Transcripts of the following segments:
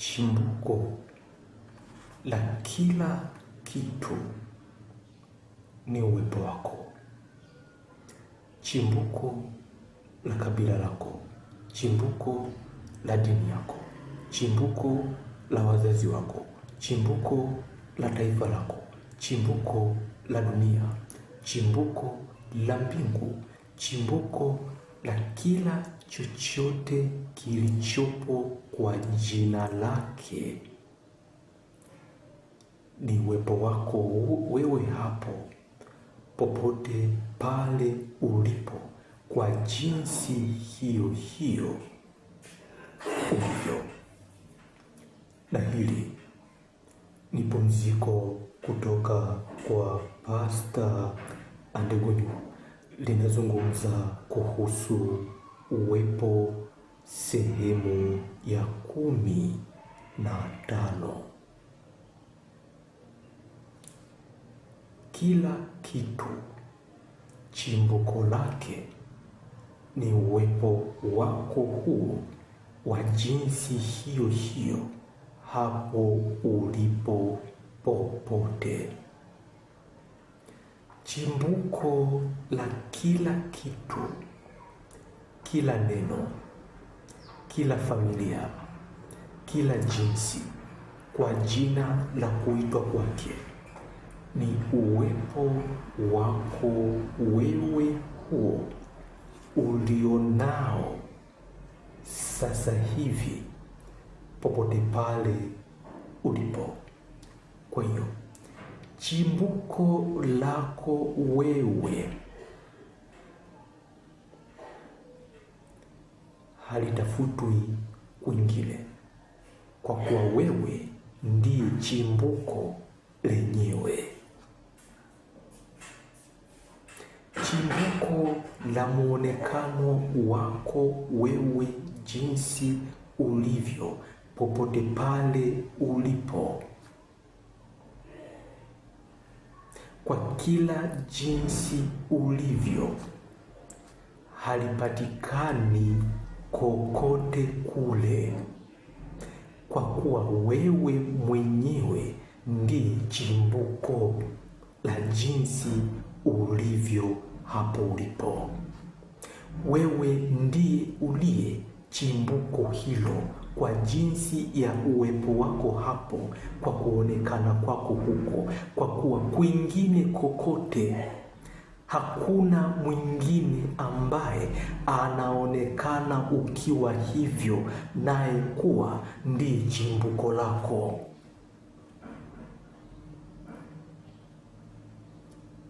chimbuko la kila kitu ni uwepo wako, chimbuko la kabila lako, chimbuko la dini yako, chimbuko la wazazi wako, chimbuko la taifa lako, chimbuko la dunia, chimbuko la mbingu, chimbuko la kila chochote kilichopo kwa jina lake ni uwepo wako wewe hapo popote pale ulipo, kwa jinsi hiyo hiyo ulivyo. Na hili ni pumziko kutoka kwa Pasta Andegonyu linazungumza kuhusu uwepo sehemu ya kumi na tano. Kila kitu chimbuko lake ni uwepo wako huo wa jinsi hiyo hiyo hapo ulipo popote. Chimbuko la kila kitu kila neno, kila familia, kila jinsi, kwa jina la kuitwa kwake ni uwepo wako wewe huo ulionao sasa hivi popote pale ulipo. Kwa hiyo chimbuko lako wewe halitafutwi kwingine, kwa kuwa wewe ndiye chimbuko lenyewe, chimbuko la muonekano wako wewe, jinsi ulivyo, popote pale ulipo, kwa kila jinsi ulivyo halipatikani kokote kule, kwa kuwa wewe mwenyewe ndiye chimbuko la jinsi ulivyo hapo ulipo. Wewe ndiye uliye chimbuko hilo kwa jinsi ya uwepo wako hapo, kwa kuonekana kwako huko, kwa kuwa kwingine kokote Hakuna mwingine ambaye anaonekana ukiwa hivyo, naye kuwa ndiye chimbuko lako.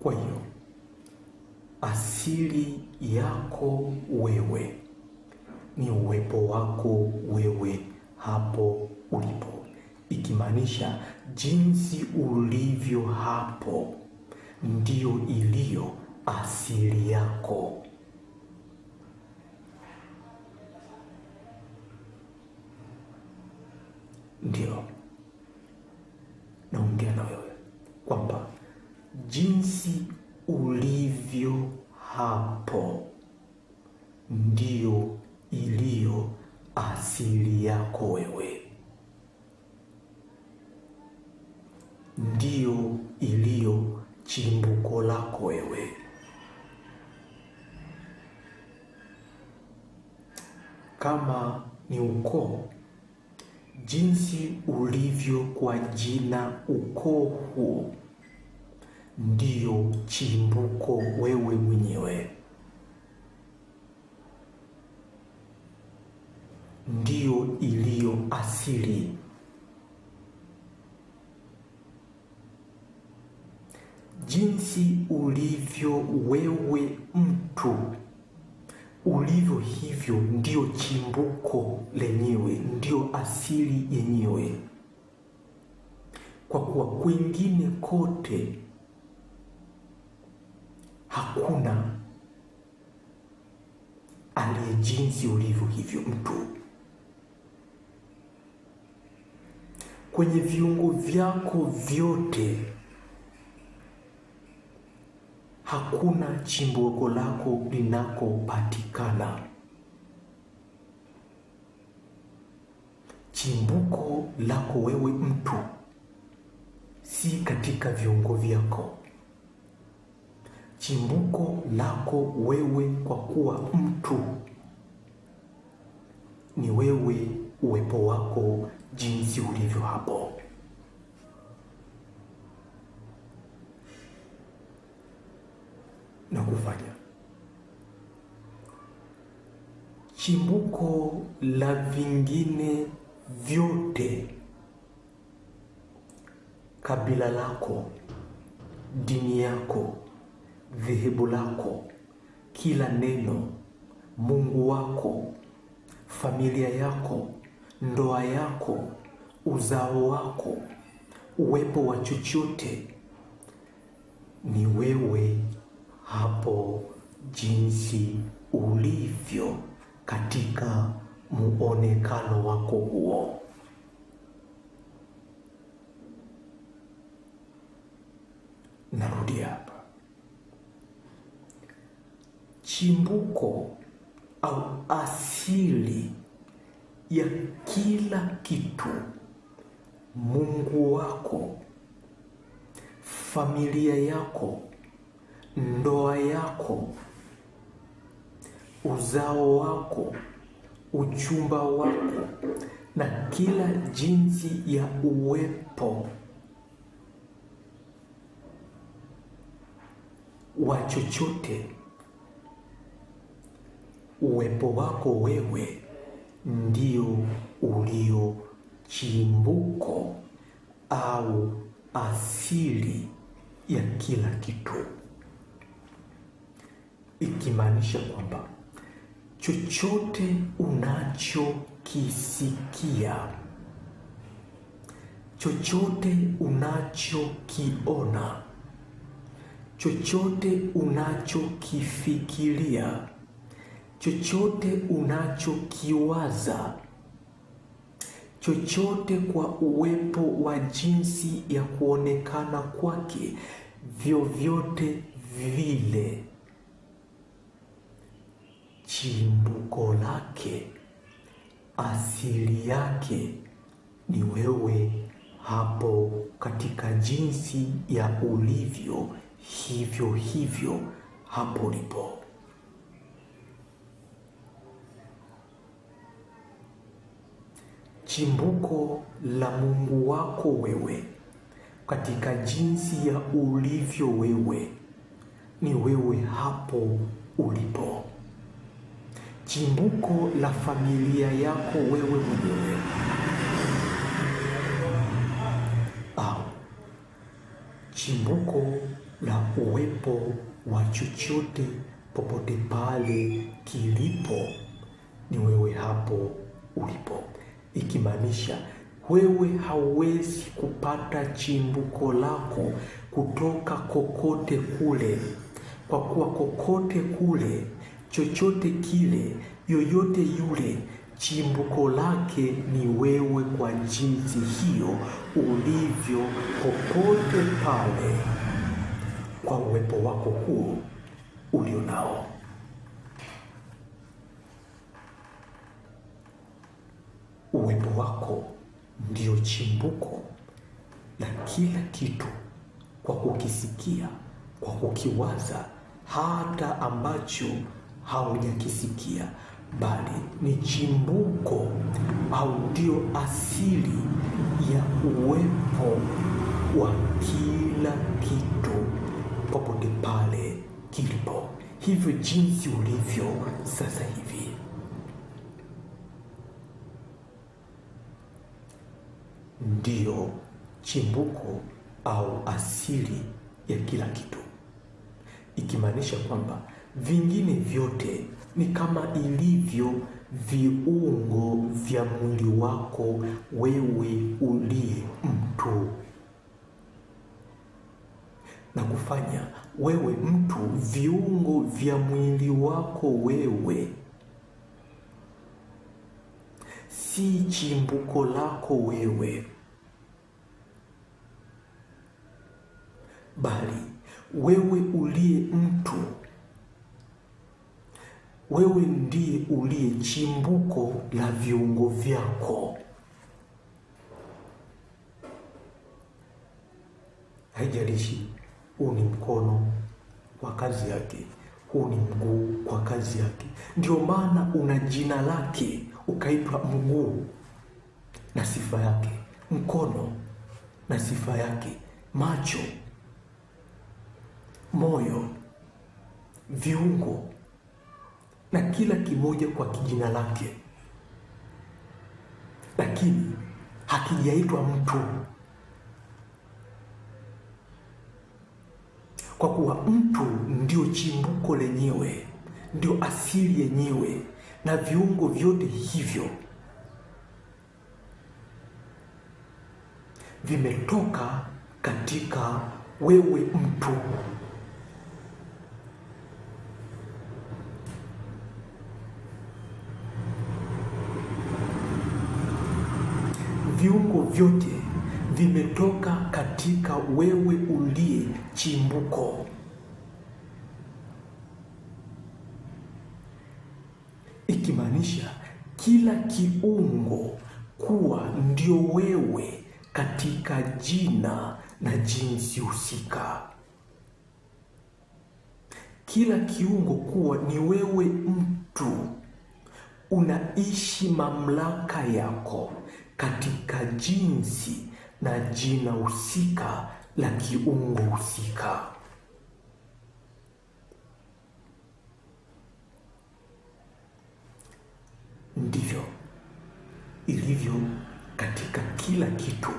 Kwa hiyo asili yako wewe ni uwepo wako wewe hapo ulipo, ikimaanisha jinsi ulivyo hapo ndiyo iliyo asili yako. Ndio naongea na wewe kwamba jinsi ulivyo hapo ndiyo iliyo asili yako wewe, ndiyo iliyo chimbuko lako wewe. kama ni ukoo, jinsi ulivyo kwa jina, ukoo huo ndio chimbuko wewe mwenyewe, ndiyo iliyo asili. Jinsi ulivyo wewe mtu ulivyo hivyo ndio chimbuko lenyewe, ndio asili yenyewe, kwa kuwa kwingine kote hakuna aliye jinsi ulivyo hivyo mtu. Kwenye viungo vyako vyote hakuna chimbuko lako linakopatikana. Chimbuko lako wewe mtu si katika viungo vyako. Chimbuko lako wewe kwa kuwa mtu ni wewe, uwepo wako, jinsi ulivyo hapo. na kufanya. Chimbuko la vingine vyote, kabila lako, dini yako, dhehebu lako, kila neno, Mungu wako, familia yako, ndoa yako, uzao wako, uwepo wa chochote ni wewe hapo jinsi ulivyo katika muonekano wako huo. Narudi hapa, chimbuko au asili ya kila kitu, Mungu wako, familia yako ndoa yako, uzao wako, uchumba wako na kila jinsi ya uwepo wa chochote. Uwepo wako wewe ndio ulio chimbuko au asili ya kila kitu ikimaanisha kwamba chochote unachokisikia, chochote unachokiona, chochote unachokifikiria, chochote unachokiwaza, chochote kwa uwepo wa jinsi ya kuonekana kwake, vyovyote vile chimbuko lake, asili yake ni wewe hapo katika jinsi ya ulivyo, hivyo hivyo hapo ulipo. Chimbuko la Mungu wako wewe katika jinsi ya ulivyo wewe ni wewe hapo ulipo chimbuko la familia yako wewe mwenyewe au chimbuko la uwepo wa chochote popote pale kilipo ni wewe hapo ulipo, ikimaanisha wewe hauwezi kupata chimbuko lako kutoka kokote kule, kwa kuwa kokote kule chochote kile, yoyote yule, chimbuko lake ni wewe, kwa jinsi hiyo ulivyo popote pale, kwa uwepo wako huu ulio nao. Uwepo wako ndio chimbuko la kila kitu, kwa kukisikia, kwa kukiwaza, hata ambacho haujakisikia, bali ni chimbuko au ndio asili ya uwepo wa kila kitu popote pale kilipo. Hivyo jinsi ulivyo sasa hivi ndio chimbuko au asili ya kila kitu, ikimaanisha kwamba Vingine vyote ni kama ilivyo viungo vya mwili wako wewe uliye mtu, na kufanya wewe mtu, viungo vya mwili wako wewe si chimbuko lako wewe, bali wewe uliye mtu wewe ndiye uliye chimbuko la viungo vyako. Haijalishi huu ni mkono kwa kazi yake, huu ni mguu kwa kazi yake. Ndio maana una jina lake ukaitwa mguu na sifa yake, mkono na sifa yake, macho, moyo, viungo na kila kimoja kwa kijina lake, lakini hakijaitwa mtu, kwa kuwa mtu ndio chimbuko lenyewe, ndio asili yenyewe na viungo vyote hivyo vimetoka katika wewe mtu. vyote vimetoka katika wewe uliye chimbuko. Ikimaanisha kila kiungo kuwa ndio wewe katika jina na jinsi husika, kila kiungo kuwa ni wewe mtu unaishi mamlaka yako katika jinsi na jina husika la kiungo husika. Ndivyo ilivyo katika kila kitu,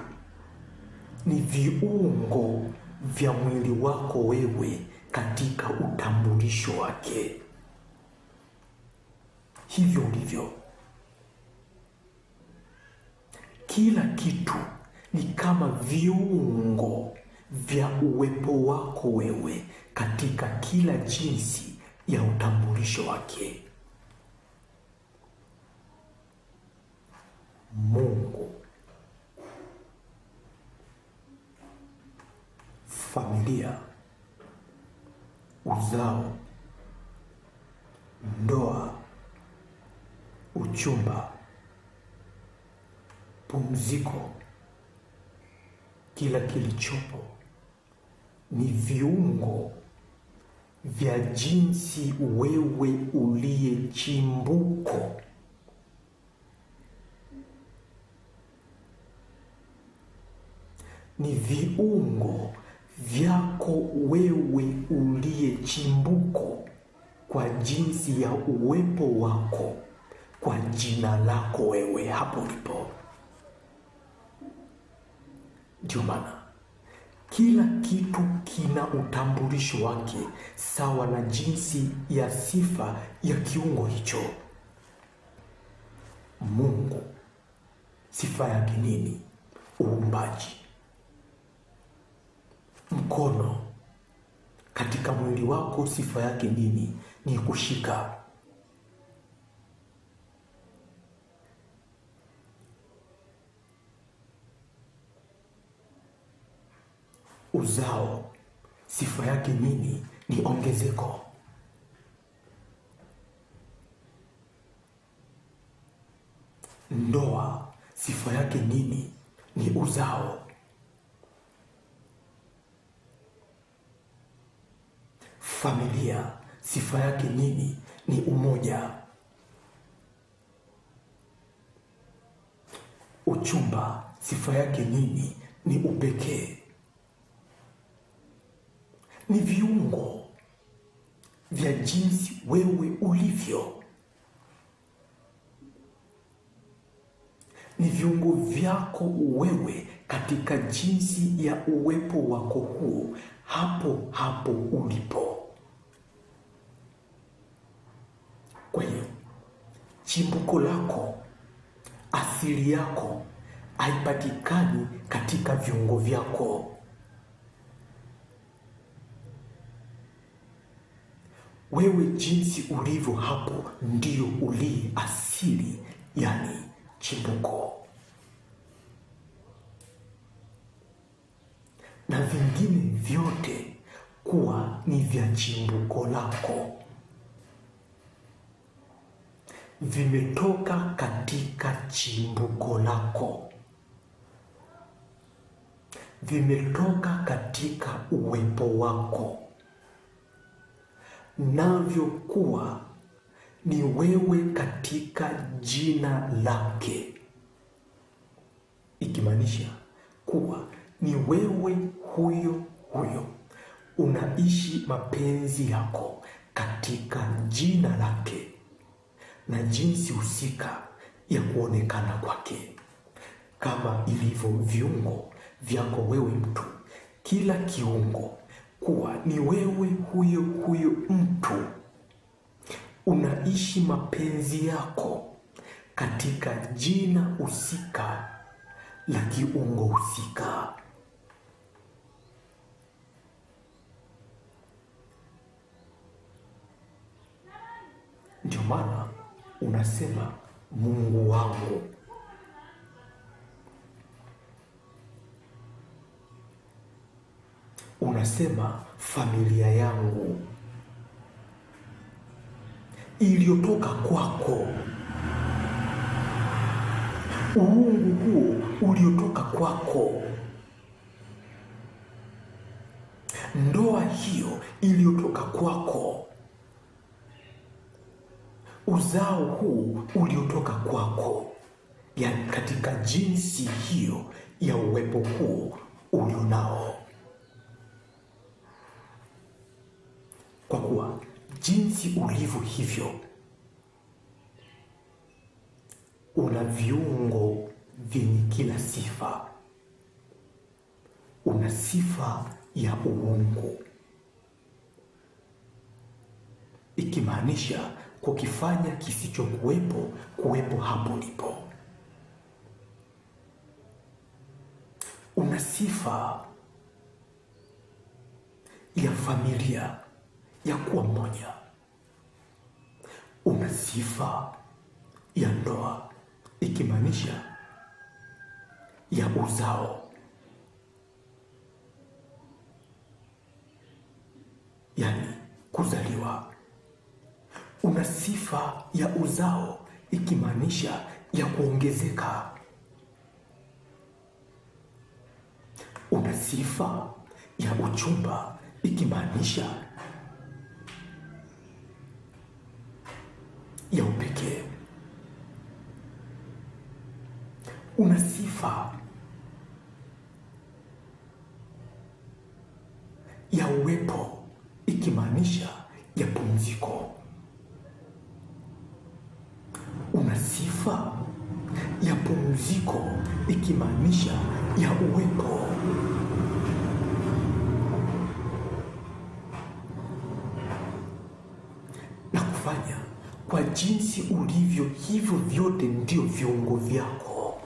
ni viungo vya mwili wako wewe katika utambulisho wake, hivyo ndivyo Kila kitu ni kama viungo vya uwepo wako wewe katika kila jinsi ya utambulisho wake. Mungu, familia, uzao, ndoa, uchumba pumziko. Kila kilichopo ni viungo vya jinsi wewe uliye chimbuko ni viungo vyako wewe uliye chimbuko kwa jinsi ya uwepo wako kwa jina lako wewe hapo ulipo. Ndio maana kila kitu kina utambulisho wake sawa na jinsi ya sifa ya kiungo hicho. Mungu sifa yake nini? Uumbaji. Mkono katika mwili wako sifa yake nini? Ni kushika. uzao sifa yake nini? Ni ongezeko. Ndoa sifa yake nini? Ni uzao. Familia sifa yake nini? Ni umoja. Uchumba sifa yake nini? Ni upekee ni viungo vya jinsi wewe ulivyo, ni viungo vyako wewe katika jinsi ya uwepo wako huo, hapo hapo ulipo. Kwa hiyo chimbuko lako, asili yako haipatikani katika viungo vyako wewe jinsi ulivyo hapo ndio uliye asili, yani chimbuko. Na vingine vyote kuwa ni vya chimbuko lako, vimetoka katika chimbuko lako, vimetoka katika uwepo wako navyokuwa ni wewe katika jina lake, ikimaanisha kuwa ni wewe huyo huyo unaishi mapenzi yako katika jina lake na jinsi husika ya kuonekana kwake, kama ilivyo viungo vyako wewe mtu, kila kiungo kuwa ni wewe huyo huyo mtu unaishi mapenzi yako katika jina husika la kiungo husika. Ndio maana unasema Mungu wangu unasema familia yangu iliyotoka kwako, uungu huu uliotoka kwako, ndoa hiyo iliyotoka kwako, uzao huu uliotoka kwako, yani katika jinsi hiyo ya uwepo huu ulionao kwa kuwa jinsi ulivyo hivyo una viungo vyenye kila sifa. Una sifa ya uungu, ikimaanisha kukifanya kisichokuwepo kuwepo hapo lipo. Una sifa ya familia ya kuwa mmoja, una sifa ya ndoa, ikimaanisha ya uzao, yani kuzaliwa. Una sifa ya uzao, ikimaanisha ya kuongezeka. Una sifa ya uchumba, ikimaanisha ya upekee. Una sifa ya uwepo, ikimaanisha ya pumziko. Una sifa ya pumziko, ikimaanisha ya uwepo. jinsi ulivyo, hivyo vyote ndio viungo vyako.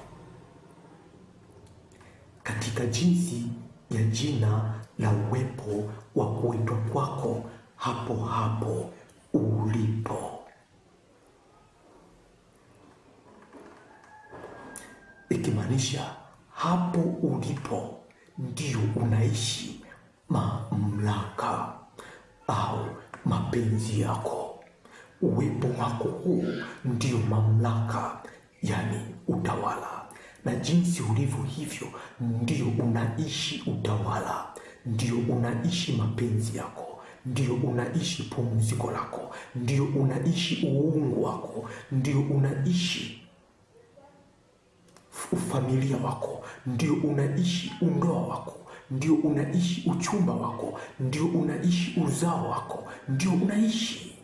Katika jinsi ya jina la uwepo wa kuitwa kwako, hapo hapo ulipo. Ikimaanisha hapo ulipo ndio unaishi mamlaka au mapenzi yako. Uwepo wako huu ndio mamlaka, yani utawala, na jinsi ulivyo hivyo ndio unaishi utawala, ndio unaishi mapenzi yako ndio unaishi pumziko lako, ndio unaishi uungu wako, ndio unaishi ufamilia wako, ndio unaishi undoa wako, ndio unaishi uchumba wako, ndio unaishi uzao wako, ndio unaishi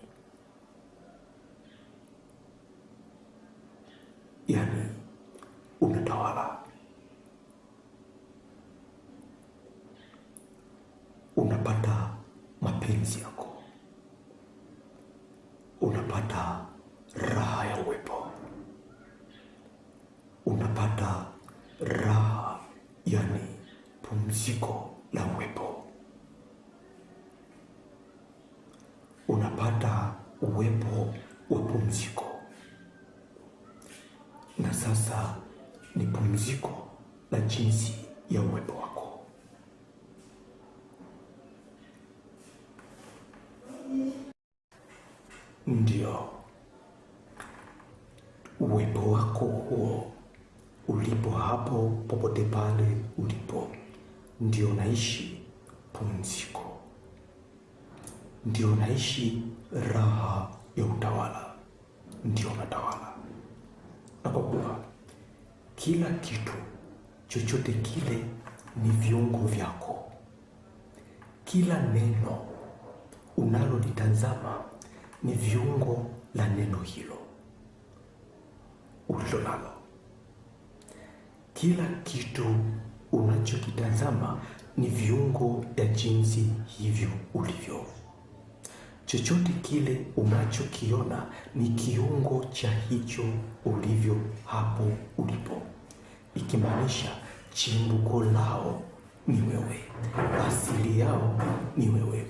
yani unatawala, unapata mapenzi yako, unapata raha ya uwepo, unapata raha yani pumziko la uwepo, unapata uwepo wa pumziko na sasa ni pumziko la jinsi ya uwepo wako. Ndio uwepo wako huo ulipo, hapo popote pale ulipo, ndio naishi pumziko, ndio naishi raha ya utawala, ndio natawala na kwa kuwa kila kitu chochote kile ni viungo vyako. Kila neno unalolitazama ni viungo la neno hilo ulilonalo. Kila kitu unachokitazama ni viungo ya jinsi hivyo ulivyo. Chochote kile unachokiona ni kiungo cha hicho ulivyo hapo ulipo, ikimaanisha chimbuko lao ni wewe, asili yao ni wewe,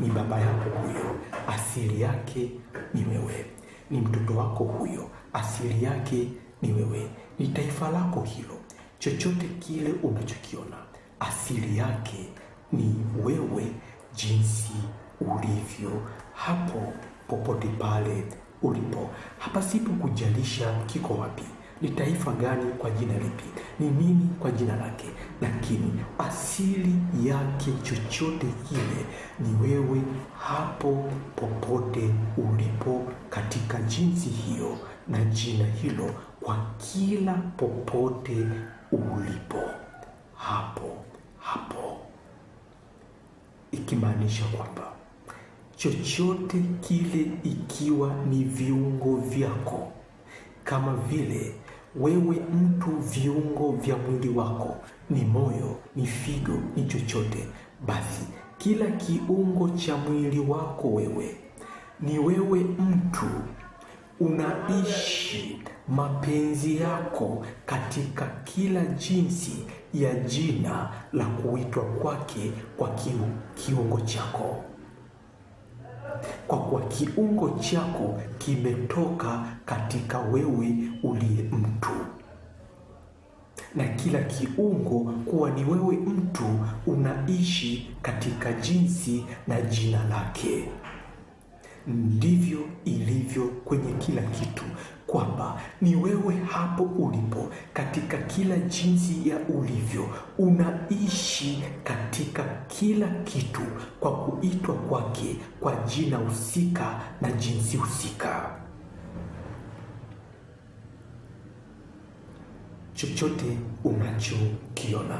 ni baba yako huyo, asili yake ni wewe, ni mtoto wako huyo, asili yake ni wewe, ni taifa lako hilo. Chochote kile unachokiona asili yake ni wewe, jinsi ulivyo hapo popote pale ulipo. Hapa sipo kujalisha kiko wapi, ni taifa gani, kwa jina lipi, ni nini kwa jina lake, lakini asili yake chochote kile ni wewe, hapo popote ulipo, katika jinsi hiyo na jina hilo, kwa kila popote ulipo, hapo hapo, ikimaanisha kwamba chochote kile, ikiwa ni viungo vyako, kama vile wewe mtu, viungo vya mwili wako ni moyo, ni figo, ni chochote, basi kila kiungo cha mwili wako wewe ni wewe mtu unaishi mapenzi yako katika kila jinsi ya jina la kuitwa kwake kwa kiungo chako kwa kuwa kiungo chako kimetoka katika wewe uliye mtu na kila kiungo kuwa ni wewe mtu unaishi katika jinsi na jina lake. Ndivyo ilivyo kwenye kila kitu kwamba ni wewe hapo ulipo katika kila jinsi ya ulivyo, unaishi katika kila kitu kwa kuitwa kwake kwa jina husika na jinsi husika. Chochote unachokiona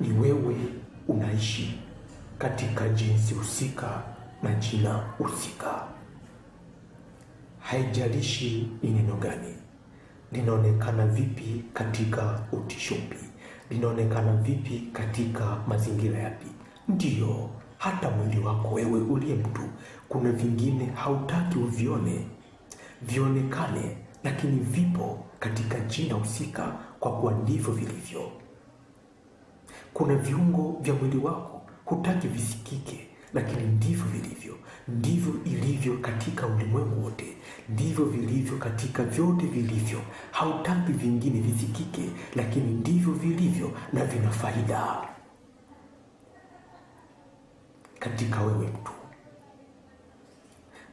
ni wewe unaishi katika jinsi husika na jina husika haijalishi ni neno gani, linaonekana vipi katika utishupi, linaonekana vipi katika mazingira yapi. Ndiyo, hata mwili wako wewe uliye mtu, kuna vingine hautaki uvione vionekane, lakini vipo katika jina husika, kwa kuwa ndivyo vilivyo. Kuna viungo vya mwili wako hutaki visikike, lakini ndivyo vilivyo ndivyo ilivyo katika ulimwengu wote, ndivyo vilivyo katika vyote vilivyo. Hautaki vingine visikike lakini ndivyo vilivyo na vina faida katika wewe mtu.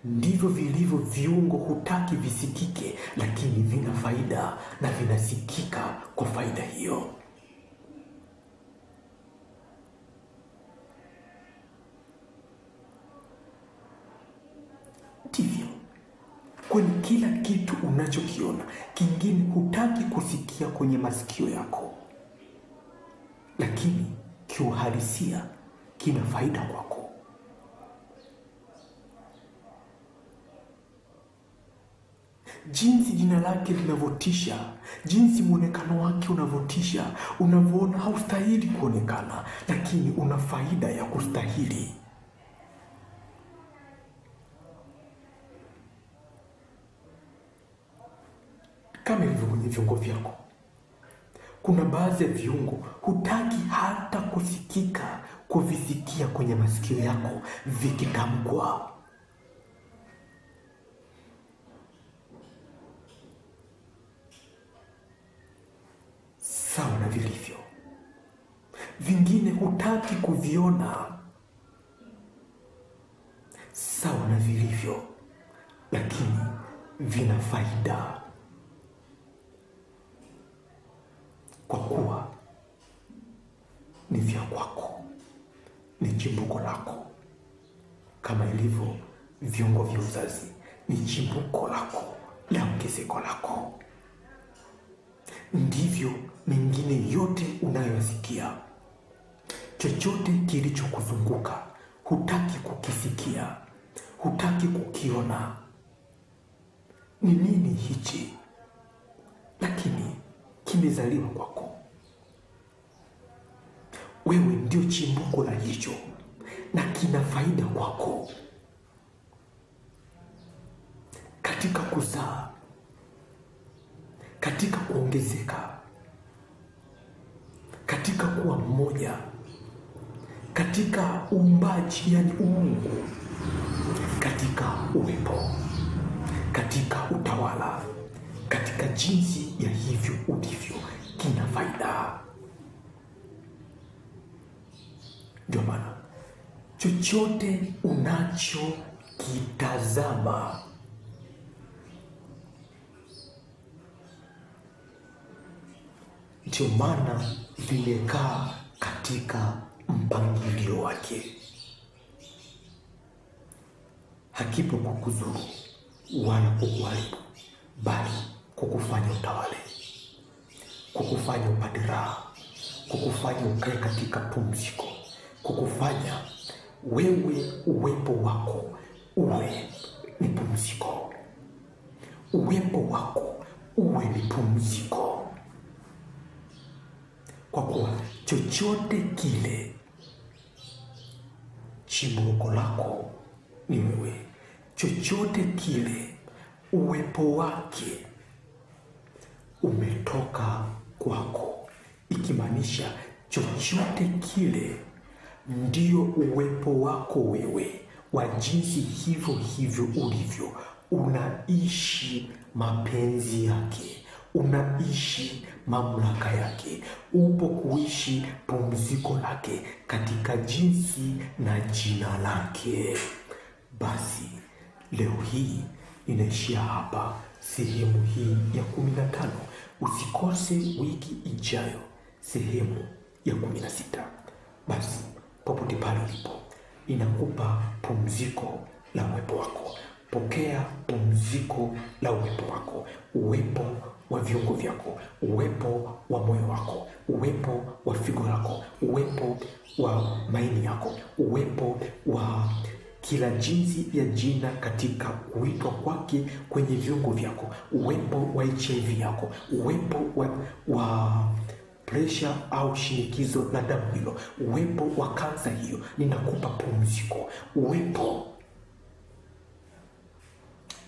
Ndivyo vilivyo viungo, hutaki visikike, lakini vina faida na vinasikika kwa faida hiyo. kwenye kila kitu unachokiona. Kingine hutaki kusikia kwenye masikio yako, lakini kiuhalisia kina faida kwako. Jinsi jina lake linavyotisha, jinsi mwonekano wake unavyotisha, unavyoona haustahili kuonekana, lakini una faida ya kustahili. kama kwenye viungo vyako. Kuna baadhi ya viungo hutaki hata kusikika, kuvisikia kwenye masikio yako vikitamkwa. Sawa na vilivyo vingine, hutaki kuviona sawa na vilivyo, lakini vina faida. kwa kuwa ni vya kwako, ni chimbuko lako, kama ilivyo viungo vya uzazi ni chimbuko lako la ongezeko lako, ndivyo mengine yote unayosikia Chochote kilichokuzunguka hutaki kukisikia, hutaki kukiona. Ni nini hichi? Lakini kimezaliwa kwako wewe, ndio chimbuko la hicho na kina faida kwako katika kuzaa, katika kuongezeka, katika kuwa mmoja, katika umbaji, yani uungu, katika uwepo, katika utawala, katika jinsi ya hivyo ulivyo kina faida. Ndio maana chochote unachokitazama ndio maana vimekaa katika mpangilio wake, hakipo kukuzuru wala kukuharibu, bali kukufanya utawale, kukufanya upate raha, kukufanya ukae katika pumziko, kukufanya wewe uwepo wako uwe ni pumziko, uwepo wako uwe ni pumziko, kwa kuwa chochote kile chimbuko lako ni wewe, chochote kile uwepo wake umetoka kwako, ikimaanisha chochote kile ndio uwepo wako wewe, wa jinsi hivyo hivyo ulivyo, unaishi mapenzi yake, unaishi mamlaka yake, upo kuishi pumziko lake katika jinsi na jina lake. Basi leo hii inaishia hapa sehemu hii ya kumi na tano. Usikose wiki ijayo sehemu ya kumi na sita. Basi popote pale ulipo, inakupa pumziko la uwepo wako. Pokea pumziko la uwepo wako, uwepo wa viungo vyako, uwepo wa moyo wako, uwepo wa figo lako, uwepo wa maini yako, uwepo wa kila jinsi ya jina katika kuitwa kwake kwenye viungo vyako, uwepo wa HIV yako, uwepo wa, wa presha au shinikizo la damu hilo, uwepo wa kansa hiyo, ninakupa pumziko, uwepo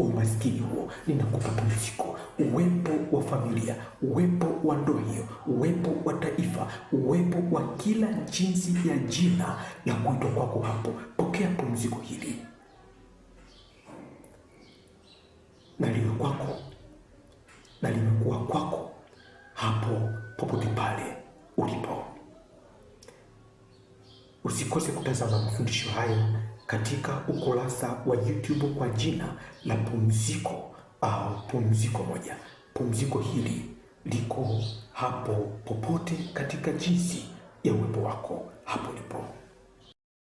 umaskini huo, ninakupa pumziko, uwepo wa familia, uwepo wa ndoa hiyo, uwepo wa taifa, uwepo wa kila jinsi ya jina la kuitwa kwako hapo. Pokea pumziko hili na liwe kwako na limekuwa kwako hapo popote pale ulipo. Usikose kutazama mafundisho haya katika ukurasa wa YouTube kwa jina la Pumziko au Pumziko Moja. Pumziko hili liko hapo popote katika jinsi ya uwepo wako hapo lipo.